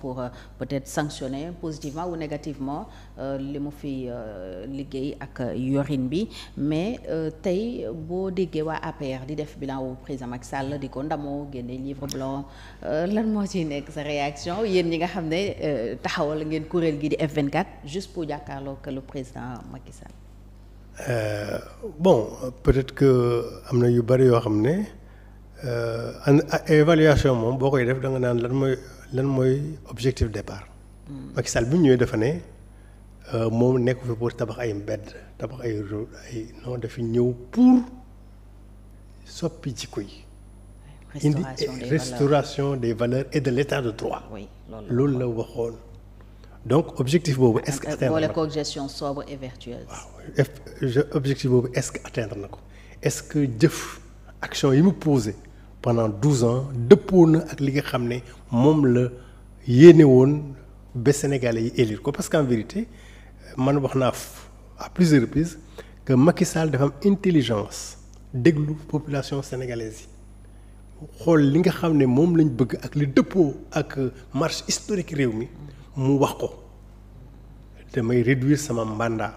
pour euh, peut-être sanctionner positivement ou négativement euh, li mu fi euh, liggéey ak euh, yorin bi mais tey boo diggee waa APR di def bilan wu président Macky Sall di ko ndamoo génne livre blanc lan moo ciy nekk sa réaction yéen ñi nga xam ne taxawal ngeen kuréel gi di F24 juste pour jàkkaarloo que le président Macky Sall. Euh, bon peut-être que am na yu bari yoo xam ne évaluation moom boo koy def da naan lan mooy. lan mooy objectif départ. Macky Sall bi ñu ñëwee dafa ne euh, moom nekk fi pour tabax ay mbedd tabax ay route ay non dafa ñëw pour soppi jikko yi. indi restauration des valeurs et de l'état de droit. loolu la waxoon. donc objectif boobu est-ce que. atteindre gestion sobre et vertueuse. objectif boobu est-ce que atteindre na ko est-ce que jëf action yi mu posé. pendant douze ans dëppoo na ak li nga xam ne moom la yéene woon ba Sénégalais yi élire ko parce que qu'en vérité man wax naa à plusieurs reprises que Macky Sall dafa am intelligence déglu population sénégalaise yi xool li nga xam ne moom lañ bëgg ak li dëppoo ak marche historique réew mi mu wax ko damay réduire sama mandat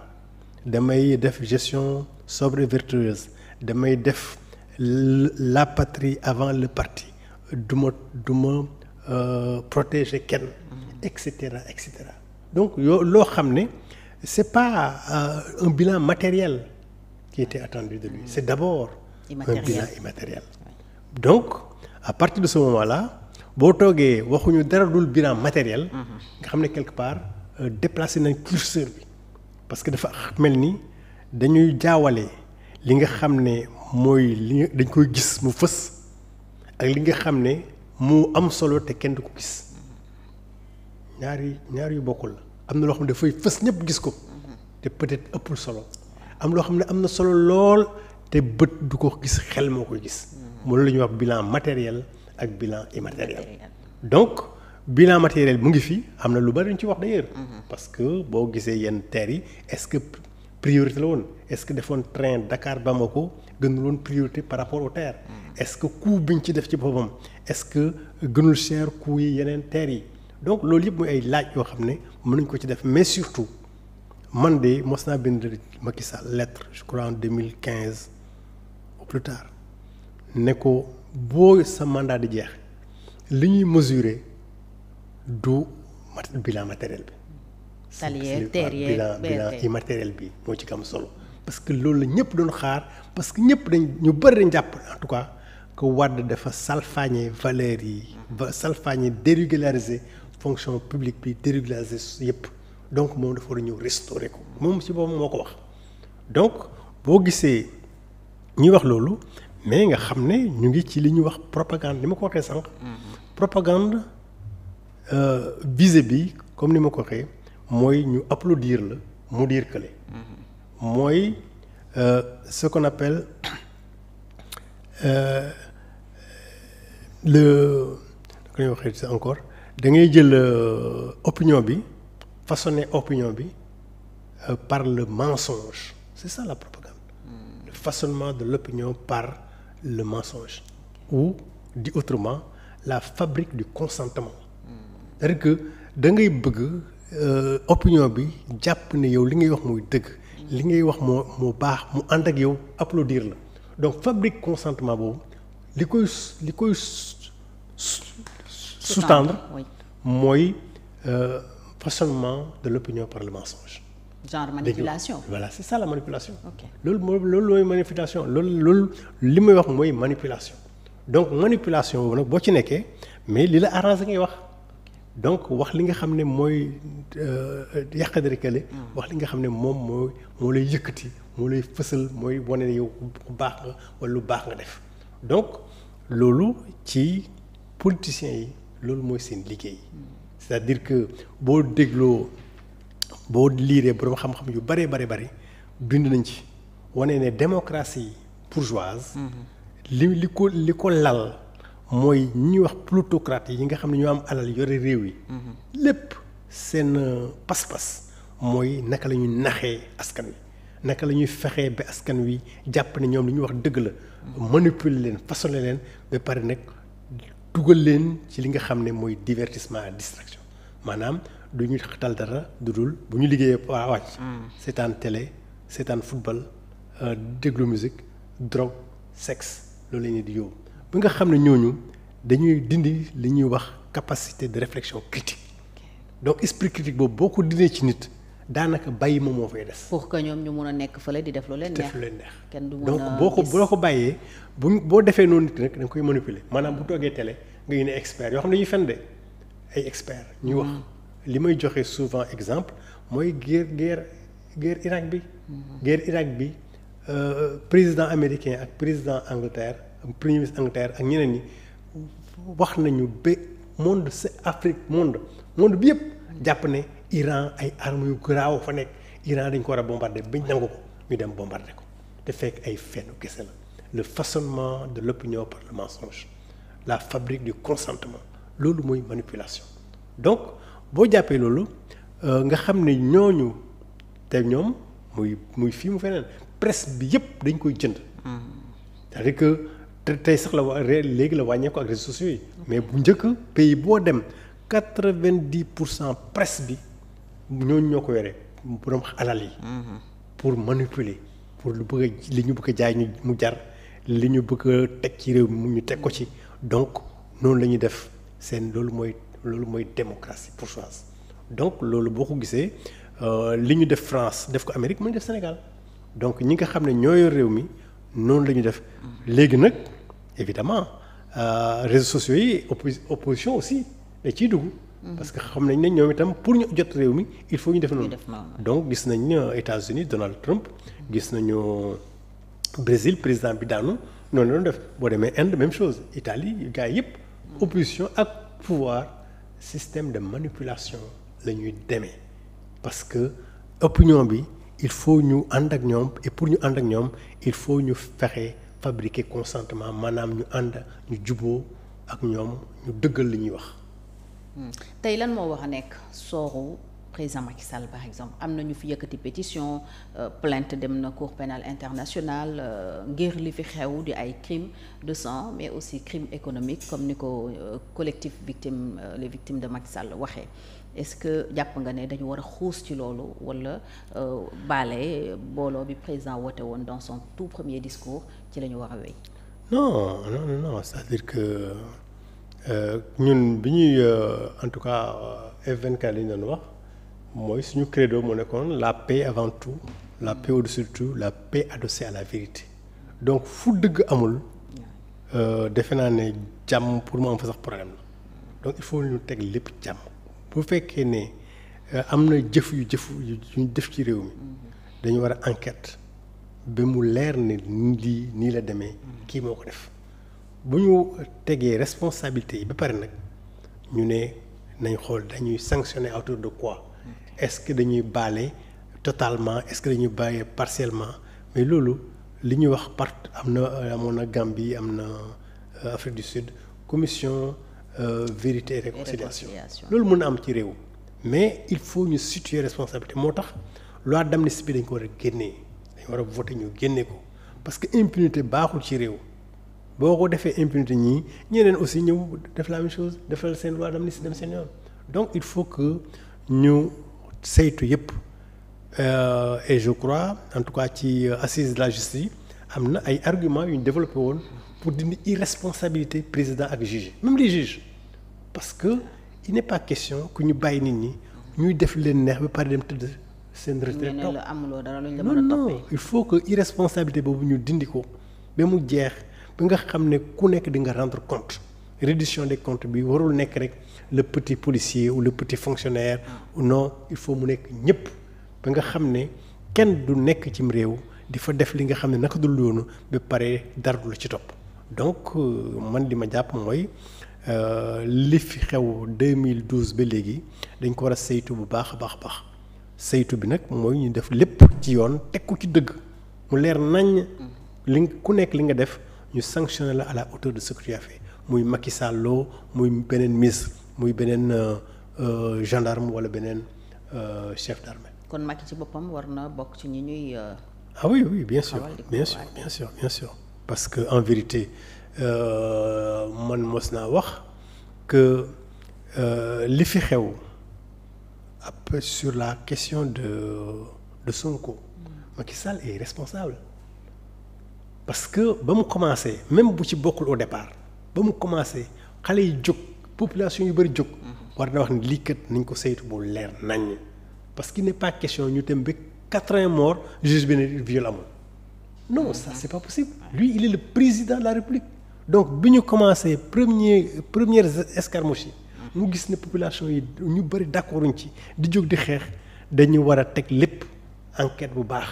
damay def gestion sobre et vertueuse damay def la patrie avant le parti du ma du ma euh, protéger kenn mm-hmm. et cetera et cetera donc yoo loo xam ne c'est pas euh, un bilan matériel qui était attendu de lui mm-hmm. c'est d'abord un bilan immatériel donc à parti de ce moment-là boo toogee waxuñu dara dul bilan matériel mm-hmm. nga xam ne quelque part euh, déplacé nañ curseur bi parce que dafa mel ni dañuy jaawale li nga xam ne mooy li dañ koy gis mu fës ak li nga xam ne mu am solo te kenn du ko gis ñaari ñaar yu bokkul la am na loo xam ne dafay fës ñëpp gis ko te peut-être ëppul solo am loo xam ne am na solo lool te bët du ko gis xel moo koy gis moo loolu la ñuy wax bilan matériel ak bilan immatériel donc bilan matériel mu ngi fii am na lu bari ñu ci wax d'ailleurs mm-hmm. parce que boo gisee yenn teer yi est-ce que priorité la woon est-ce que defoon train Dakar Bamako gënuloon priorité par rapport aux terres hmm. est-ce que coût bi ñu ci def ci boppam est-ce que gënul cher coût yi yeneen terres yi donc loolu yëpp mooy ay laaj yoo xam ne mën nañ ko ci def mais surtout man de mos naa bind Macky Sall lettre je crois en 2015 au plus tard ne ko boo sa mandat di jeex li ñuy mesurer du mat bilan matériel bi taliyeeg teer yeeg bi moo ci kam solo parce que loolu la ñëpp doon xaar parce que ñëpp dañ ñu bëri dañ jàpp en tout cas que Wade dafa salfaañe valeurs yi ba salfaañe dérégulariser fonction publique bi dérégulariser yëpp donc moom dafa war ñëw restaurer ko moom si boppam moo ko wax donc boo gisee ñuy wax loolu mais nga xam ne ñu ngi ci li ñuy wax propagande ni ma ko waxee sànq mm-hmm. propagande euh, visée bi comme ni ma ko waxee mooy ñu applaudir la mu diir kële mooy euh, ce qu'on appelle euh, le da ngay jël euh, opinion bi façonner opinion bi euh, par le mensonge c'est ça la propagande le façonnement de l'opinion par le mensonge ou dit autrement la fabrique du consentement cest que da bëgg Euh, opinion bi jàpp ne yow li ngay wax mooy dëgg li ngay wax moo moo baax mu ànd ak yow applaudir la donc fabrique consentement boobu li koy li koy sous-tendre mooy euh, façonnement de l'opinion par le mensonge genre manipulation voilà c'est ça la manipulation loolu moo loolu mooy manipulation loolu loolu li may wax mooy manipulation donc manipulation boobu nag boo ci nekkee mais li la arrangé ngay wax donc wax li nga xam ne mooy euh, yàqadari kale hmm. wax li nga xam ne moom moo moo lay yëkkati moo lay fësal mooy wane ne yow ku baax nga wala lu baax nga def donc loolu ci politiciens yi loolu mooy seen liggéey hmm. c'est-à-dire que boo dégloo boo liiree borom xam-xam yu bëree bëri bëri bind nañ ci wane ne démocratie bourgeoise hmm. li li ko li ko lal mooy ñi wax plutocrate yi nga xam ne ñoo am alal yore réew yi. lépp seen euh, pas-pas mooy naka la naxee askan wi naka la ñuy fexee ba askan wi jàpp ne ñoom lu ñuy wax dëgg la. manipuler leen façonner leen ba pare nag dugal leen ci li nga xam ne mooy divertissement distraction maanaam du ñu xatal dara du bu ñu liggéeyee waa wàcc. seetaan télé seetaan football euh, déglu musique drogue sexe loolu la ñuy di yóbbu. bi nga xam ne ñooñu dañuy dindi li ñuy wax capacité de réflexion critique donc esprit critique boobu boo ko dindee ci nit daanaka bàyyi moom moo fay des. pour que ñoom ñu mun a nekk fële di def lu leen neex def leen neex. kenn du mun a donc boo ko boo ko bàyyee buñ boo defee noonu nit nag da koy manipuler maanaam bu toogee télé nga yéene expert yoo xam ne dañuy fen de ay expert ñuy wax mm-hmm. li may joxe souvent exemple mooy guerre guerre guerre Irak bi. Mm-hmm. guerre Irak bi euh, président américain ak président Angleterre. premier ministre Angleterre ak ñeneen ñi wax nañu ba monde sa Afrique monde monde bi yëpp jàpp ne Iran ay armes yu garaaw fa nekk Iran dañ ko war a bombardé bañ nangu ko ñu dem bombardé ko te fekk ay fenn kese la le façonnement de l'opinion par le la fabrique du consentement loolu mooy manipulation donc boo jàppee loolu euh, nga xam ne ñooñu te ñoom muy muy fii mu feneen presse bi yëpp dañ koy jënd mm. te tey sax la waa léegi la wàññeeku ak réseaux mais bu njëkk pays boo dem quatre vingt dix pour cent presse bi ñooñu ñoo ko yore alal yi. Mm-hmm. pour manipuler pour lu bëgg li ñu bëgg jaay ñu mu jar li ñu bëgg teg ci réew mi ñu teg ko ci donc noonu la ñuy def seen loolu mooy loolu mooy démocratie bourgeoise donc loolu boo ko gisee euh, li ñu def France def ko Amérique mu ngi Sénégal donc ñi nga xam ne ñoo réew mi noonu la ñu def mm-hmm. léegi nag. évidemment euh, réseaux sociaux yi opposition aussi da ciy dugg. Mm-hmm. parce que xam nañ ne ñoom itam pour ñu jot réew mi il faut ñu def noonu. donc gis nañ États-Unis Donald Trump gis nañu Brésil président bi daanu noonu la doon def boo demee Inde même chose Italie gars yëpp. Mm-hmm. opposition ak pouvoir système de manipulation la demee parce que opinion bi il faut ñu ànd ak ñoom pour ñu ànd ak ñoom il faut ñu fexe. fabriquer consentement maanaam ñu ànd ñu juboo ak ñoom ñu dëggal li ñuy wax. Hmm. tey lan moo wax a nekk sooru président Macky Sall par exemple am na ñu fi yëkkati pétition euh, plainte dem na cour pénale internationale euh, ngir li fi xew di ay crimes de sang mais aussi crimes économique comme ni ko euh, collectif victime les victimes de Macky Sall waxee est-ce que jàpp nga ne dañu war a xuus ci loolu walla euh, baale booloo bi président wote woon dans son tout premier discours ci la ñu war a wéy. non non non c'est-à-dire que euh, ñun bi ñuy euh, en tout cas F24 la ñu doon wax mooy suñu credo mu nekkoon la paix avant tout la paix au de tout la paix adossée à la vérité donc fu dëgg amul. defe naa ne jàmm pour mu am fa sax problème la donc il faut ñu teg lépp jàmm. bu fekkee ne euh, am na jëf yu jëf yu def ci réew mi dañu war a enquête bi mu leer ne lii nii la demee kii moo ko def bu ñu tegee responsabilité yi ba pare nag ñu ne nañ xool dañuy sanctionner auto de quoi est-ce que dañuy baale totalement est-ce que dañuy bàyyee partiellement mais loolu li ñuy wax part am na amoon na Gambie am na euh, Afrique du Sud commission Euh, vérité et réconciliation loolu mën a am ci réew mais il faut ñu situer responsabilité moo tax loi d'amnistie bi dañ ko war a génnee dañ war a voté ñu génne ko parce que impunité baaxul ci réew boo ko defee impunité ñii ñeneen aussi ñëw def la même chose defal seen loi d'amnistie dem seen yoon donc il faut que ñu saytu yëpp euh, et je crois en tout cas ci euh, assise de la justice am na ay arguments yu ñu développé woon pour dindi irresponsabilité président ak juge même les juges parce que il n'est pas question ku ñu bàyyi nit ñi ñuy def leen neex ba pare dem tëdd seen retraite non non il faut que irresponsabilité boobu ñu dindi ko ba mu jeex ba nga xam ne ku nekk di nga rendre compte reddition des comptes bi warul nekk rek le petit policier ou le petit fonctionnaire no non il faut mu nekk ñëpp ba nga xam ne kenn du nekk cim réew di fa def li nga xam ne naka dul yoonu ba pare dara du ci topp donc euh, man di ma jàpp mooy euh, li fi xew 2012 ba léegi dañ ko war a saytu bu baax a baax baax saytu bi nag mooy ñu def lépp ci yoon teg ko ci dëgg mu leer nañ li ku nekk li nga def ñu sanctionné la à la hauteur de ce que tu as fait muy Macky Sall muy beneen ministre muy beneen euh, gendarme wala beneen chef d'armée. kon Macky ci boppam war na bokk ci ñi ñuy. ah oui oui bien sûr bien sûr bien sûr parce que en vérité euh, man mos naa wax que euh, li fi xew après sur la question de de Sonko ki Sall est responsable parce que ba mu commencé même bu ci bokkul au départ ba mu commencé xale yi jóg population yu bëri jóg war na wax ni lii kat nañ ko saytu bu leer nañ parce que n'est pas question ñu dem ba quatre-vingts morts juge bi ne viol amul non ça c'est pas possible lui il est le président de la République donc bi ñu commencé premier première escarmouche mu mmh. gis ne population yi ñu bëri d'accorduñ ci di jóg di xeex dañu war a teg lépp enquête bu baax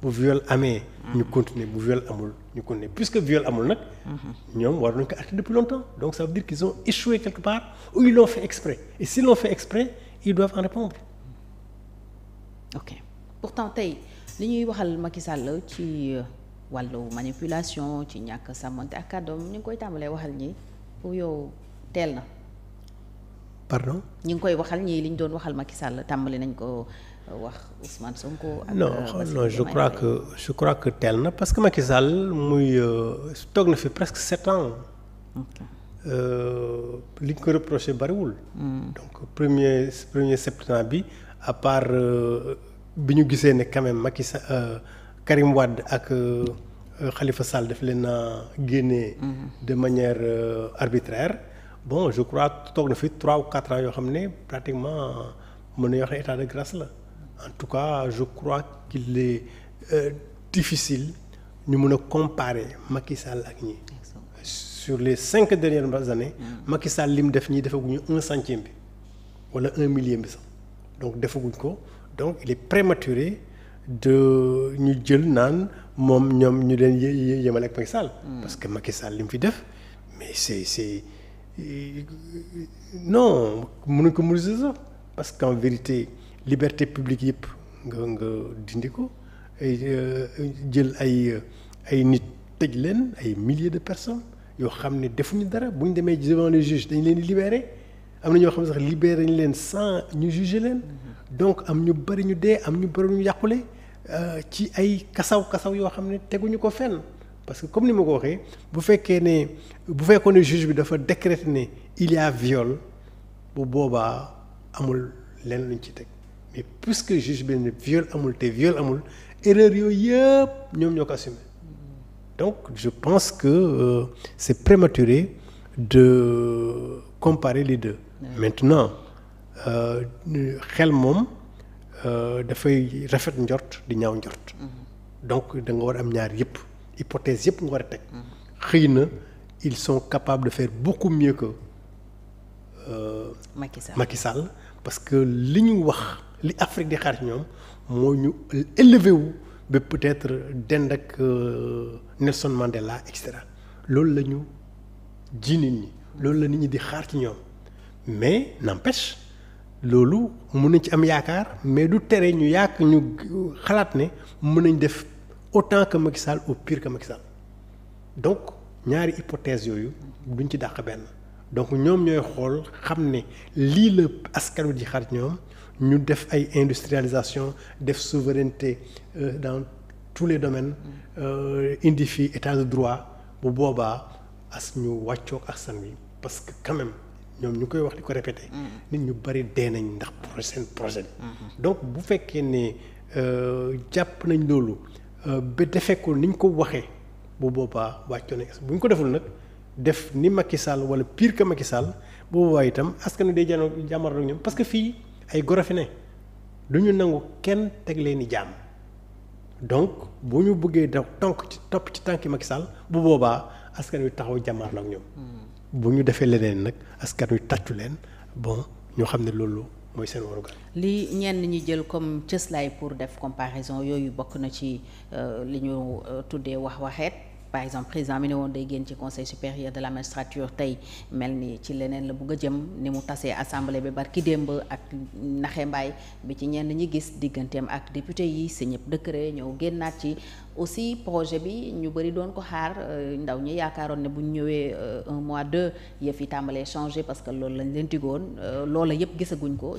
bu viol amee mmh. ñu continuer bu viol amul ñu continuer puisque viole amul nag mmh. ñoom war nañ ko arrêter depuis longtemps donc ça veut dire qu'ils ont échoué quelque part ou ils l'ont fait et s'ils l'ont fait exprès ils doivent en répondre ok pourtant tey li ñuy waxal Macky Sall ci euh, wàllu manipulation ci ñàkk sàmmante ak kàddoom ñu ngi koy tàmbalee waxal ñi pour yow teel na. pardon ñu ngi koy waxal ñii li ñu doon waxal Macky Sall tàmbali nañ ko euh, wax Ousmane Sonko. non euh, je crois que je crois que teel na parce que Macky Sall muy euh, toog na fi presque sept ans. li ñu ko reproché bariwul. Hmm. donc premier premier septembre bi à part bi ñu gisee ne quand même Macky Karim Wade ak xalifa euh, Sall daf leen a génne. de manière euh, arbitraire bon je crois toog na fi trois ou quatre ans yoo xam ne pratiquement mën na wax ne état de grâce la en tout cas je crois qu'il est euh, difficile ñu mën a comparer Macky Sall ak ñi. sur les cinq dernières années. Macky Sall li mu def ñii defaguñu un centième bi wala un millième bi sax donc defaguñ ko donc il est prématuré. de ñu jël naan moom ñoom ñu leen yé yéemal ak Macky Sall. Hmm. parce que Macky Sall li mu fi def mais c'est c'est euh, non mënuñ ko mobiliser sax parce qu'en vérité liberté publique yëpp nga nga dindi ko euh, jël ay euh, ay nit tëj leen ay milliers de personnes yoo xam ne defuñu dara bu ñu demee devant les juges dañ leen di libérer am na ñoo xam ne sax libéré ñu leen sans ñu juger leen hmm. donc am ñu bari ñu dee am ñu bari ñu yàqule. Euh, ci ay kasaw kasaw yoo xam ne teguñu ko fenn parce que comme ni ma ko waxee bu fekkee ne bu fekkoon ne juge bi dafa décréter ne il y viol bu boobaa amul lenn luñ ci teg mais puisque juge bi ne viol amul te viol amul erreur yooyu yëpp ñoom ñoo ko assumé donc je pense que euh, c'est prématuré de comparer les deux. Mmh. maintenant euh, xel moom. Euh, dafay rafet njort di ñaaw njort. Mm-hmm. donc da nga war am ñaar yëpp hypothèse yëpp nga war a teg. xëy na ils sont capables de faire beaucoup mieux que. Euh, Macky Sall parce que li ñu wax li Afrique di xaar ci ñoom moo ñu élevé wu ba peut-être dend ak euh, Nelson Mandela et cetera loolu la ñu ji nit ñi. loolu la nit ñi di xaar ci ñoom mais n'empêche loolu mun nañ ci am yaakaar mais du tere ñu yàq ñu xalaat ne mën nañ def autant que Macky Sall au pire que Macky Sall donc ñaari hypothèse yooyu duñ ci dàq benn donc ñoom ñooy xool xam ne lii la askan wi ji xar ñoom ñu def ay industrialisation def souveraineté euh, dans tous les domaines euh, indi fii état de droit bu boobaa as ñu wàccoog ak askan parce que quand ñoom ñu koy wax di ko répété. Mm-hmm. nit ñu bari dee nañ ndax seen projet mm-hmm. donc bu fekkee ne euh, jàpp nañ loolu euh, ba defekkul ni ñu ko waxee bu boobaa wàccoon bu ñu ko deful nag def ni Macky Sall wala pire que Macky Sall bu boobaa itam askan wi day jàmm jàmmarloo parce que fii ay goro fi ñu nangu kenn teg leen i jàmm donc bu ñu bëggee daw tonk ci ci tànki Macky Sall bu boobaa askan wi taxaw jàmmarloo ak ñoom. Mm-hmm. bu ñu defee leneen nag askan wi tàccu leen bon ñoo xam ne loolu mooy seen warugar. li ñenn ñi jël comme cëslaay pour def comparaison yooyu bokk na ci euh, li ñu euh, tuddee wax waxeet. par exemple président mi ne woon day génn ci conseil supérieur de la magistrature tey mel ni ci leneen la bugg jëm ni mu tasee assemblée bi barki démb ak naxe mbaay bi ci ñenn ñi gis digganteem ak député yi si ñëpp décret ñëw génnaat ci aussi projet bi ñu bëri doon ko xaar euh, ndaw ñi yaakaaroon ne bu ñu ñëwee euh, un mois de yëf yi tàmbalee changé parce que loolu lañ leen digoon euh, loola yëpp gisaguñ ko